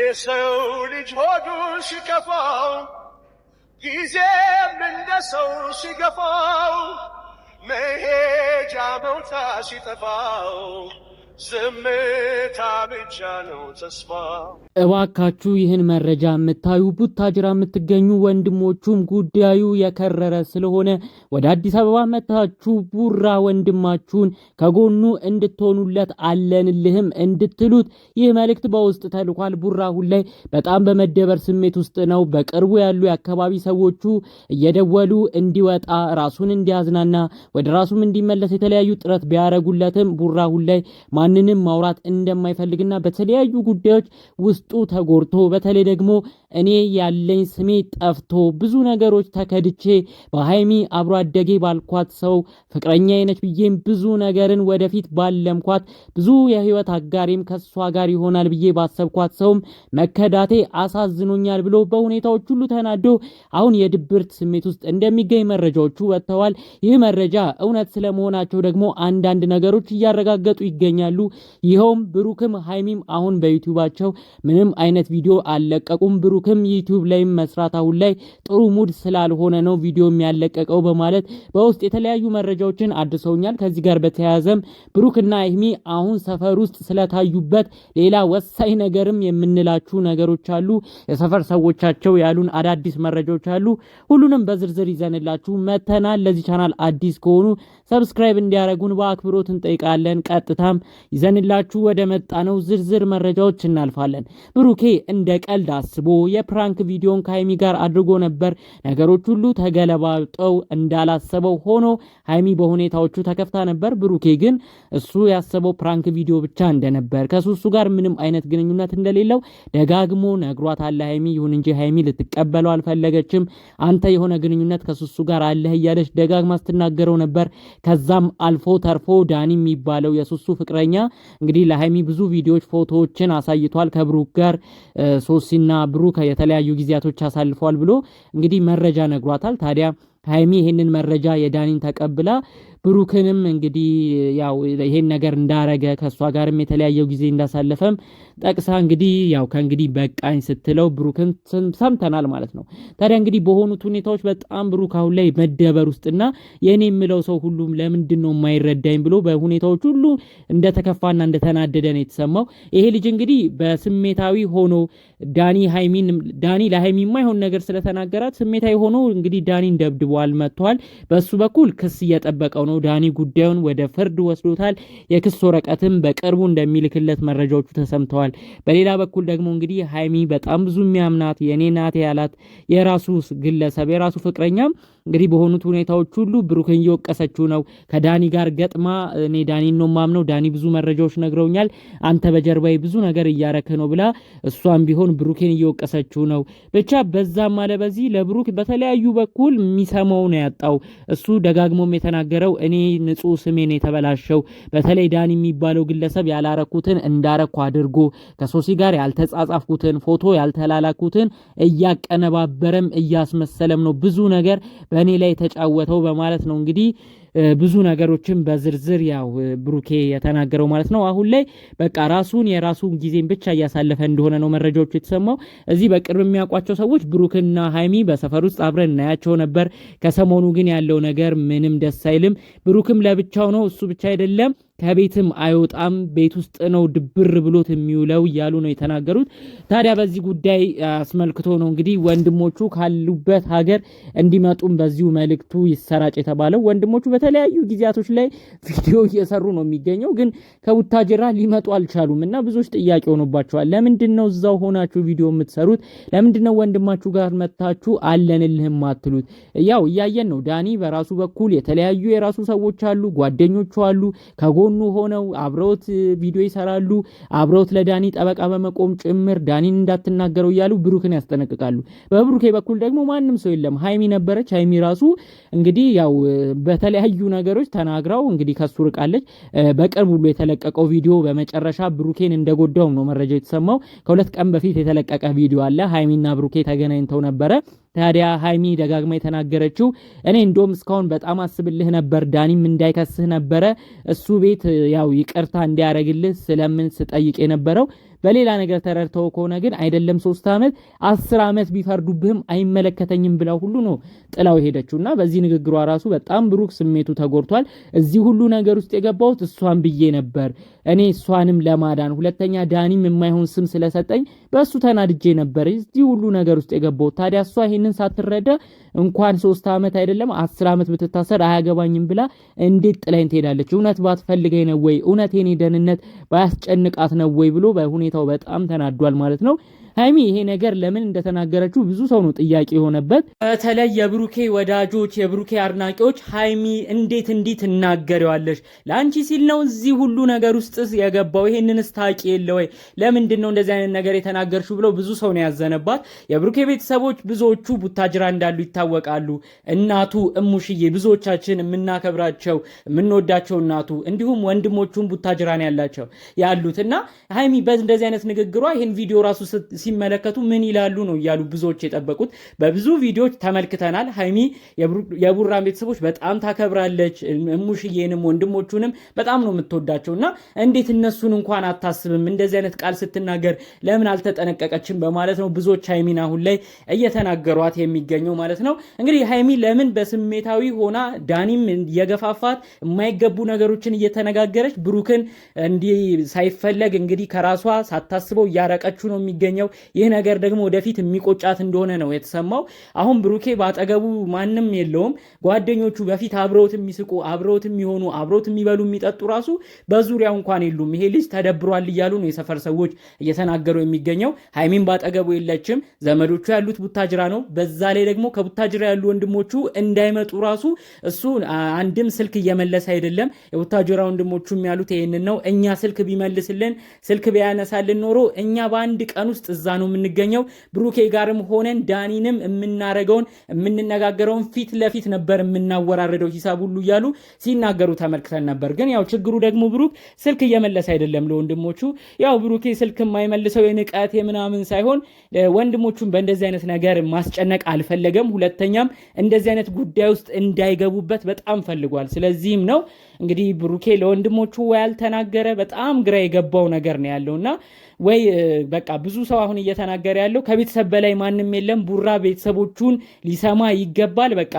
የሰው ልጅ ሆዱ ሲከፋው ጊዜም እንደ ሰው ሲገፋው መሄጃ መውታ ሲጠፋው ዝምታ ብቻ ነው ተስፋ። እባካችሁ ይህን መረጃ የምታዩ ቡታጅራ የምትገኙ ወንድሞቹም ጉዳዩ የከረረ ስለሆነ ወደ አዲስ አበባ መታችሁ ቡራ ወንድማችሁን ከጎኑ እንድትሆኑለት አለንልህም እንድትሉት ይህ መልእክት በውስጥ ተልኳል። ቡራ አሁን ላይ በጣም በመደበር ስሜት ውስጥ ነው። በቅርቡ ያሉ የአካባቢ ሰዎቹ እየደወሉ እንዲወጣ ራሱን እንዲያዝናና ወደ ራሱም እንዲመለስ የተለያዩ ጥረት ቢያደርጉለትም ቡራ አሁን ላይ ማንንም ማውራት እንደማይፈልግና በተለያዩ ጉዳዮች ውስጡ ተጎድቶ በተለይ ደግሞ እኔ ያለኝ ስሜ ጠፍቶ ብዙ ነገሮች ተከድቼ በሀይሚ አብሮ አደጌ ባልኳት ሰው ፍቅረኛ አይነች ብዬም ብዙ ነገርን ወደፊት ባለምኳት ብዙ የህይወት አጋሪም ከሷ ጋር ይሆናል ብዬ ባሰብኳት ሰውም መከዳቴ አሳዝኖኛል ብሎ በሁኔታዎች ሁሉ ተናዶ አሁን የድብርት ስሜት ውስጥ እንደሚገኝ መረጃዎቹ ወጥተዋል። ይህ መረጃ እውነት ስለመሆናቸው ደግሞ አንዳንድ ነገሮች እያረጋገጡ ይገኛሉ። ይገኛሉ። ይኸውም ብሩክም ሀይሚም አሁን በዩቲዩባቸው ምንም አይነት ቪዲዮ አልለቀቁም። ብሩክም ዩቲዩብ ላይም መስራት አሁን ላይ ጥሩ ሙድ ስላልሆነ ነው ቪዲዮ የሚያለቀቀው በማለት በውስጥ የተለያዩ መረጃዎችን አድርሰውኛል። ከዚህ ጋር በተያያዘም ብሩክና ሀይሚ አሁን ሰፈር ውስጥ ስለታዩበት ሌላ ወሳኝ ነገርም የምንላችሁ ነገሮች አሉ። የሰፈር ሰዎቻቸው ያሉን አዳዲስ መረጃዎች አሉ። ሁሉንም በዝርዝር ይዘንላችሁ መተናል። ለዚህ ቻናል አዲስ ከሆኑ ሰብስክራይብ እንዲያደርጉን በአክብሮት እንጠይቃለን። ቀጥታም ይዘንላችሁ ወደ መጣ ነው ዝርዝር መረጃዎች እናልፋለን። ብሩኬ እንደ ቀልድ አስቦ የፕራንክ ቪዲዮን ከሀይሚ ጋር አድርጎ ነበር። ነገሮች ሁሉ ተገለባብጠው እንዳላሰበው ሆኖ ሀይሚ በሁኔታዎቹ ተከፍታ ነበር። ብሩኬ ግን እሱ ያሰበው ፕራንክ ቪዲዮ ብቻ እንደነበር ከሱሱ ጋር ምንም አይነት ግንኙነት እንደሌለው ደጋግሞ ነግሯታል ሀይሚ። ይሁን እንጂ ሀይሚ ልትቀበለው አልፈለገችም። አንተ የሆነ ግንኙነት ከሱሱ ጋር አለህ እያለች ደጋግማ ስትናገረው ነበር። ከዛም አልፎ ተርፎ ዳኒ የሚባለው የሱሱ ፍቅረኛ እንግዲህ ለሀይሚ ብዙ ቪዲዮዎች፣ ፎቶዎችን አሳይቷል። ከብሩክ ጋር ሶሲና ብሩክ የተለያዩ ጊዜያቶች አሳልፏል ብሎ እንግዲህ መረጃ ነግሯታል። ታዲያ ሀይሚ ይህንን መረጃ የዳኒን ተቀብላ ብሩክንም እንግዲህ ያው ይሄን ነገር እንዳረገ ከእሷ ጋርም የተለያየው ጊዜ እንዳሳለፈም ጠቅሳ እንግዲህ ያው ከእንግዲህ በቃኝ ስትለው ብሩክን ሰምተናል ማለት ነው። ታዲያ እንግዲህ በሆኑት ሁኔታዎች በጣም ብሩክ አሁን ላይ መደበር ውስጥና የእኔ የምለው ሰው ሁሉም ለምንድን ነው የማይረዳኝ ብሎ በሁኔታዎች ሁሉ እንደተከፋና እንደተናደደ ነው የተሰማው። ይሄ ልጅ እንግዲህ በስሜታዊ ሆኖ ዳኒ ሃይሚን ዳኒ ለሃይሚ የማይሆን ነገር ስለተናገራት ስሜታዊ ሆኖ እንግዲህ ዳኒን ደብድቧል፣ መጥቷል። በሱ በኩል ክስ እየጠበቀው ነው የሆነው ዳኒ ጉዳዩን ወደ ፍርድ ወስዶታል። የክስ ወረቀትም በቅርቡ እንደሚልክለት መረጃዎቹ ተሰምተዋል። በሌላ በኩል ደግሞ እንግዲህ ሀይሚ በጣም ብዙ የሚያምናት የኔ ናት ያላት የራሱ ግለሰብ የራሱ ፍቅረኛ እንግዲህ በሆኑት ሁኔታዎች ሁሉ ብሩክን እየወቀሰችው ነው። ከዳኒ ጋር ገጥማ እኔ ዳኒ ነው ማምነው፣ ዳኒ ብዙ መረጃዎች ነግረውኛል፣ አንተ በጀርባዬ ብዙ ነገር እያረክ ነው ብላ እሷም ቢሆን ብሩኬን እየወቀሰችው ነው። ብቻ በዛም አለ በዚህ ለብሩክ በተለያዩ በኩል የሚሰማው ነው ያጣው። እሱ ደጋግሞም የተናገረው እኔ ንጹህ ስሜን የተበላሸው በተለይ ዳን የሚባለው ግለሰብ ያላረኩትን እንዳረኩ አድርጎ ከሶሲ ጋር ያልተጻጻፍኩትን ፎቶ ያልተላላኩትን እያቀነባበረም እያስመሰለም ነው ብዙ ነገር በእኔ ላይ ተጫወተው በማለት ነው እንግዲህ ብዙ ነገሮችን በዝርዝር ያው ብሩኬ የተናገረው ማለት ነው። አሁን ላይ በቃ ራሱን የራሱን ጊዜን ብቻ እያሳለፈ እንደሆነ ነው መረጃዎቹ የተሰማው። እዚህ በቅርብ የሚያውቋቸው ሰዎች ብሩክና ሀይሚ በሰፈር ውስጥ አብረን እናያቸው ነበር። ከሰሞኑ ግን ያለው ነገር ምንም ደስ አይልም። ብሩክም ለብቻው ነው፣ እሱ ብቻ አይደለም ከቤትም አይወጣም፣ ቤት ውስጥ ነው ድብር ብሎት የሚውለው እያሉ ነው የተናገሩት። ታዲያ በዚህ ጉዳይ አስመልክቶ ነው እንግዲህ ወንድሞቹ ካሉበት ሀገር እንዲመጡም በዚሁ መልእክቱ ይሰራጭ የተባለው። ወንድሞቹ በተለያዩ ጊዜያቶች ላይ ቪዲዮ እየሰሩ ነው የሚገኘው፣ ግን ከቡታጀራ ሊመጡ አልቻሉም እና ብዙዎች ጥያቄ ሆኖባቸዋል። ለምንድን ነው እዛው ሆናችሁ ቪዲዮ የምትሰሩት? ለምንድን ነው ወንድማችሁ ጋር መታችሁ አለንልህም አትሉት? ያው እያየን ነው። ዳኒ በራሱ በኩል የተለያዩ የራሱ ሰዎች አሉ፣ ጓደኞቹ አሉ ከጎ ከጎኑ ሆነው አብረውት ቪዲዮ ይሰራሉ። አብረውት ለዳኒ ጠበቃ በመቆም ጭምር ዳኒን እንዳትናገረው እያሉ ብሩክን ያስጠነቅቃሉ። በብሩኬ በኩል ደግሞ ማንም ሰው የለም። ሀይሚ ነበረች። ሀይሚ ራሱ እንግዲህ ያው በተለያዩ ነገሮች ተናግራው እንግዲህ ከሱ ርቃለች። በቅርብ ሁሉ የተለቀቀው ቪዲዮ በመጨረሻ ብሩኬን እንደጎዳውም ነው መረጃ የተሰማው። ከሁለት ቀን በፊት የተለቀቀ ቪዲዮ አለ። ሀይሚና ብሩኬ ተገናኝተው ነበረ ታዲያ ሀይሚ ደጋግማ የተናገረችው እኔ እንደውም እስካሁን በጣም አስብልህ ነበር፣ ዳኒም እንዳይከስህ ነበረ እሱ ቤት ያው ይቅርታ እንዲያደርግልህ ስለምን ስጠይቅ የነበረው በሌላ ነገር ተረድተው ከሆነ ግን አይደለም ሶስት ዓመት አስር ዓመት ቢፈርዱብህም አይመለከተኝም ብላ ሁሉ ነው ጥላው ሄደችው እና በዚህ ንግግሯ ራሱ በጣም ብሩክ ስሜቱ ተጎድቷል። እዚህ ሁሉ ነገር ውስጥ የገባሁት እሷን ብዬ ነበር እኔ እሷንም ለማዳን ሁለተኛ ዳኒም የማይሆን ስም ስለሰጠኝ በእሱ ተናድጄ ነበር እዚህ ሁሉ ነገር ውስጥ የገባሁት። ታዲያ እሷ ይህንን ሳትረዳ እንኳን ሶስት ዓመት አይደለም አስር ዓመት ብትታሰር አያገባኝም ብላ እንዴት ጥላኝ ትሄዳለች? እውነት ባትፈልገኝ ነው ወይ? እውነት የኔ ደህንነት ባያስጨንቃት ነው ወይ ብሎ በሁኔታው በጣም ተናዷል ማለት ነው። ሀይሚ ይሄ ነገር ለምን እንደተናገረችው ብዙ ሰው ነው ጥያቄ የሆነበት። በተለይ የብሩኬ ወዳጆች፣ የብሩኬ አድናቂዎች ሀይሚ እንዴት እንዲህ ትናገሪዋለሽ? ለአንቺ ሲል ነው እዚህ ሁሉ ነገር ውስጥ የገባው። ይሄንንስ ታውቂ የለ ወይ? ለምንድን ነው እንደዚህ አይነት ነገር የተናገርሽው? ብለው ብዙ ሰው ነው ያዘነባት። የብሩኬ ቤተሰቦች ብዙዎቹ ቡታጅራ እንዳሉ ይታወቃሉ። እናቱ እሙሽዬ፣ ብዙዎቻችን የምናከብራቸው የምንወዳቸው እናቱ፣ እንዲሁም ወንድሞቹም ቡታጅራ ነው ያላቸው ያሉት እና ሀይሚ በእንደዚህ አይነት ንግግሯ ይህን ቪዲዮ ራሱ ሲመለከቱ ምን ይላሉ ነው እያሉ ብዙዎች የጠበቁት። በብዙ ቪዲዮዎች ተመልክተናል። ሀይሚ የቡራን ቤተሰቦች በጣም ታከብራለች። እሙሽዬንም ወንድሞቹንም በጣም ነው የምትወዳቸው እና እንዴት እነሱን እንኳን አታስብም እንደዚህ አይነት ቃል ስትናገር ለምን አልተጠነቀቀችም በማለት ነው ብዙዎች ሀይሚን አሁን ላይ እየተናገሯት የሚገኘው ማለት ነው። እንግዲህ ሀይሚ ለምን በስሜታዊ ሆና ዳኒም የገፋፋት የማይገቡ ነገሮችን እየተነጋገረች ብሩክን እንዲህ ሳይፈለግ እንግዲህ ከራሷ ሳታስበው እያረቀችው ነው የሚገኘው። ይህ ነገር ደግሞ ወደፊት የሚቆጫት እንደሆነ ነው የተሰማው። አሁን ብሩኬ ባጠገቡ ማንም የለውም። ጓደኞቹ በፊት አብረውት የሚስቁ አብረውት የሚሆኑ አብረውት የሚበሉ የሚጠጡ ራሱ በዙሪያው እንኳን የሉም። ይሄ ልጅ ተደብሯል እያሉ ነው የሰፈር ሰዎች እየተናገሩ የሚገኘው። ሀይሚን ባጠገቡ የለችም። ዘመዶቹ ያሉት ቡታጅራ ነው። በዛ ላይ ደግሞ ከቡታጅራ ያሉ ወንድሞቹ እንዳይመጡ ራሱ እሱ አንድም ስልክ እየመለሰ አይደለም። የቡታጅራ ወንድሞቹም ያሉት ይህንን ነው። እኛ ስልክ ቢመልስልን ስልክ ቢያነሳልን ኖሮ እኛ በአንድ ቀን ውስጥ እዛ ነው የምንገኘው። ብሩኬ ጋርም ሆነን ዳኒንም የምናረገውን የምንነጋገረውን ፊት ለፊት ነበር የምናወራረደው ሂሳብ ሁሉ እያሉ ሲናገሩ ተመልክተን ነበር። ግን ያው ችግሩ ደግሞ ብሩክ ስልክ እየመለሰ አይደለም ለወንድሞቹ። ያው ብሩኬ ስልክ የማይመልሰው የንቀት የምናምን ሳይሆን ወንድሞቹን በእንደዚህ አይነት ነገር ማስጨነቅ አልፈለገም። ሁለተኛም እንደዚህ አይነት ጉዳይ ውስጥ እንዳይገቡበት በጣም ፈልጓል። ስለዚህም ነው እንግዲህ ብሩኬ ለወንድሞቹ ያልተናገረ በጣም ግራ የገባው ነገር ነው ያለውና ወይ በቃ ብዙ ሰው አሁን እየተናገረ ያለው ከቤተሰብ በላይ ማንም የለም፣ ቡራ ቤተሰቦቹን ሊሰማ ይገባል። በቃ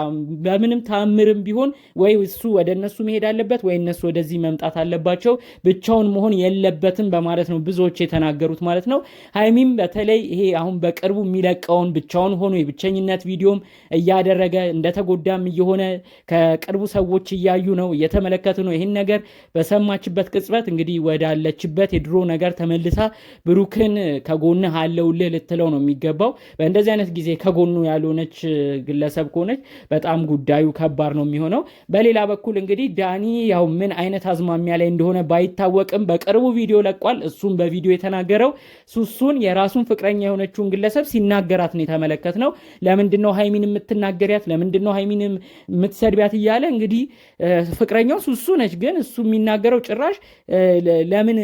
በምንም ተአምርም ቢሆን ወይ እሱ ወደ እነሱ መሄድ አለበት ወይ እነሱ ወደዚህ መምጣት አለባቸው፣ ብቻውን መሆን የለበትም በማለት ነው ብዙዎች የተናገሩት ማለት ነው። ሀይሚም በተለይ ይሄ አሁን በቅርቡ የሚለቀውን ብቻውን ሆኖ የብቸኝነት ቪዲዮም እያደረገ እንደተጎዳም እየሆነ ከቅርቡ ሰዎች እያዩ ነው እየተመለከቱ ነው። ይህን ነገር በሰማችበት ቅጽበት እንግዲህ ወዳለችበት የድሮ ነገር ተመልሳ ብሩክን ከጎንህ አለውልህ ልትለው ነው የሚገባው። በእንደዚህ አይነት ጊዜ ከጎኑ ያልሆነች ግለሰብ ከሆነች በጣም ጉዳዩ ከባድ ነው የሚሆነው። በሌላ በኩል እንግዲህ ዳኒ ያው ምን አይነት አዝማሚያ ላይ እንደሆነ ባይታወቅም በቅርቡ ቪዲዮ ለቋል። እሱም በቪዲዮ የተናገረው ሱሱን የራሱን ፍቅረኛ የሆነችውን ግለሰብ ሲናገራት ነው የተመለከት ነው። ለምንድን ነው ሀይሚን የምትናገሪያት? ለምንድን ነው ሀይሚን የምትሰድቢያት? እያለ እንግዲህ ፍቅረኛው ሱሱ ነች፣ ግን እሱ የሚናገረው ጭራሽ ለምን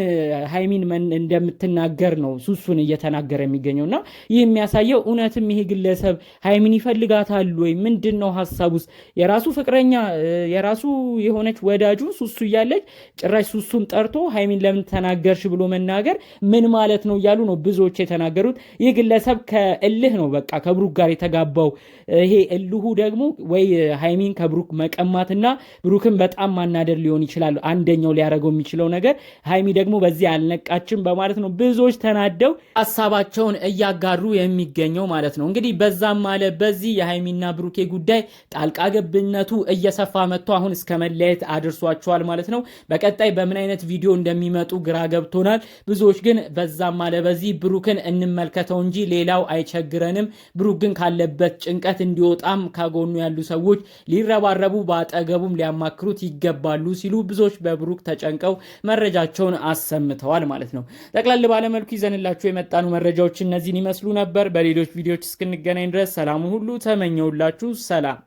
ሀይሚን እንደምትን ሲናገር ነው ሱሱን እየተናገረ የሚገኘው እና ይህ የሚያሳየው እውነትም ይሄ ግለሰብ ሀይሚን ይፈልጋታል ወይ? ምንድን ነው ሀሳብ ውስጥ የራሱ ፍቅረኛ የራሱ የሆነች ወዳጁ ሱሱ እያለች ጭራሽ ሱሱን ጠርቶ ሀይሚን ለምን ተናገርሽ ብሎ መናገር ምን ማለት ነው እያሉ ነው ብዙዎች የተናገሩት። ይህ ግለሰብ ከእልህ ነው በቃ ከብሩክ ጋር የተጋባው። ይሄ እልሁ ደግሞ ወይ ሀይሚን ከብሩክ መቀማትና ብሩክን በጣም ማናደር ሊሆን ይችላል አንደኛው ሊያደርገው የሚችለው ነገር። ሀይሚ ደግሞ በዚህ አልነቃችም በማለት ነው ብዙዎች ተናደው ሀሳባቸውን እያጋሩ የሚገኘው ማለት ነው። እንግዲህ በዛም ማለ በዚህ የሀይሚና ብሩኬ ጉዳይ ጣልቃ ገብነቱ እየሰፋ መጥቶ አሁን እስከ መለየት አድርሷቸዋል ማለት ነው። በቀጣይ በምን አይነት ቪዲዮ እንደሚመጡ ግራ ገብቶናል። ብዙዎች ግን በዛም ማለ በዚህ ብሩክን እንመልከተው እንጂ ሌላው አይቸግረንም፣ ብሩክ ግን ካለበት ጭንቀት እንዲወጣም ከጎኑ ያሉ ሰዎች ሊረባረቡ በአጠገቡም ሊያማክሩት ይገባሉ ሲሉ ብዙዎች በብሩክ ተጨንቀው መረጃቸውን አሰምተዋል ማለት ነው። ጠቅላላ ባለመልኩ ይዘንላችሁ የመጣኑ መረጃዎች እነዚህን ይመስሉ ነበር። በሌሎች ቪዲዮዎች እስክንገናኝ ድረስ ሰላሙ ሁሉ ተመኘውላችሁ። ሰላም